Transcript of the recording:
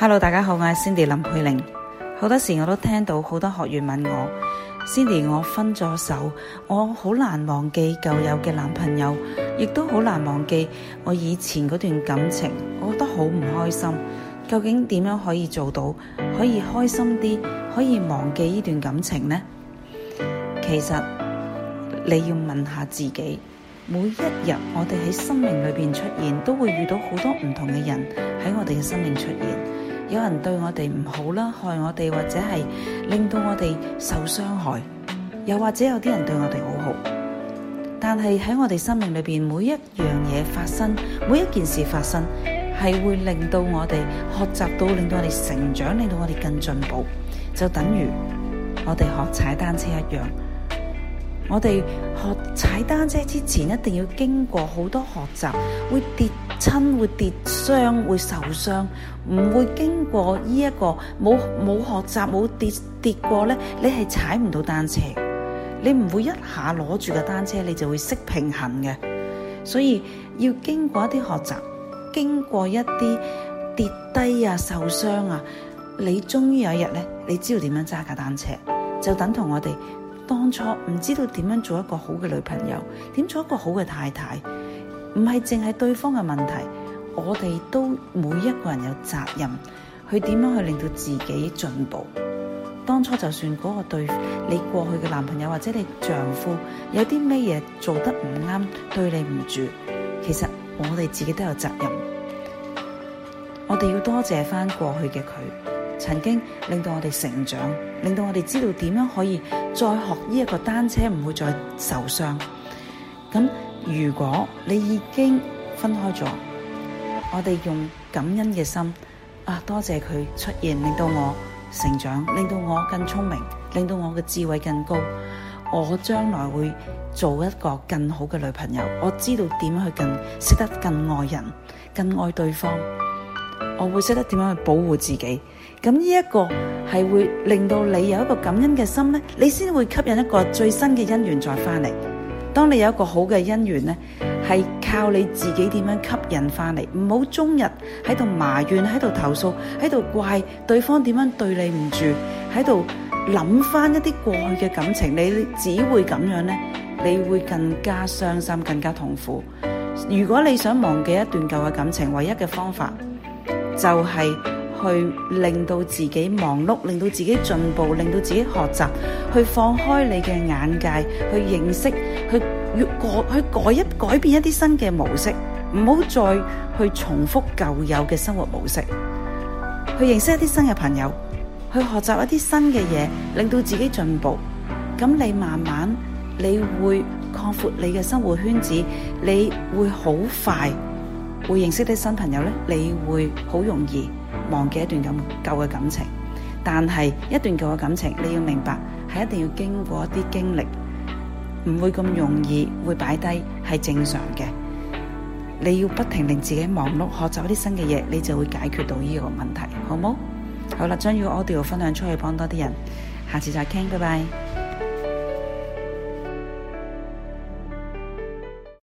Hello，大家好，我係 Cindy 林佩玲。好多時我都聽到好多學員問我，Cindy，我分咗手，我好難忘記舊有嘅男朋友，亦都好難忘記我以前嗰段感情，我覺得好唔開心。究竟點樣可以做到可以開心啲，可以忘記呢段感情呢？其實你要問下自己。每一日我哋喺生命裏邊出現，都會遇到好多唔同嘅人喺我哋嘅生命出現。有人對我哋唔好啦，害我哋或者係令到我哋受傷害，又或者有啲人對我哋好好。但係喺我哋生命裏邊每一樣嘢發生，每一件事發生，係會令到我哋學習到，令到我哋成長，令到我哋更進步。就等於我哋學踩單車一樣。我哋學踩單車之前，一定要經過好多學習，會跌親、會跌傷、會受傷，唔會經過呢、這、一個冇冇學習、冇跌跌過咧，你係踩唔到單車。你唔會一下攞住個單車，你就會識平衡嘅。所以要經過一啲學習，經過一啲跌低啊、受傷啊，你終於有一日呢，你知道點樣揸架單車，就等同我哋。當初唔知道點樣做一個好嘅女朋友，點做一個好嘅太太，唔係淨係對方嘅問題，我哋都每一個人有責任，去點樣去令到自己進步。當初就算嗰個對，你過去嘅男朋友或者你丈夫有啲咩嘢做得唔啱，對你唔住，其實我哋自己都有責任，我哋要多謝翻過去嘅佢。曾經令到我哋成長，令到我哋知道點樣可以再學呢一個單車唔會再受傷。咁如果你已經分開咗，我哋用感恩嘅心啊，多謝佢出現，令到我成長，令到我更聰明，令到我嘅智慧更高。我將來會做一個更好嘅女朋友，我知道點樣去更識得更愛人，更愛對方。我會識得點樣去保護自己，咁呢一個係會令到你有一個感恩嘅心呢，你先會吸引一個最新嘅姻緣再翻嚟。當你有一個好嘅姻緣呢，係靠你自己點樣吸引翻嚟，唔好終日喺度埋怨、喺度投訴、喺度怪對方點樣對你唔住，喺度諗翻一啲過去嘅感情，你只會咁樣呢，你會更加傷心、更加痛苦。如果你想忘記一段舊嘅感情，唯一嘅方法，就係去令到自己忙碌，令到自己進步，令到自己學習，去放開你嘅眼界，去認識，去越改，去改一改變一啲新嘅模式，唔好再去重複舊有嘅生活模式，去認識一啲新嘅朋友，去學習一啲新嘅嘢，令到自己進步。咁你慢慢，你會擴闊你嘅生活圈子，你會好快。會認識啲新朋友咧，你會好容易忘記一段咁舊嘅感情。但係一段舊嘅感情，你要明白係一定要經過一啲經歷，唔會咁容易會擺低，係正常嘅。你要不停令自己忙碌，學習一啲新嘅嘢，你就會解決到呢個問題，好冇？好啦，將呢個 audio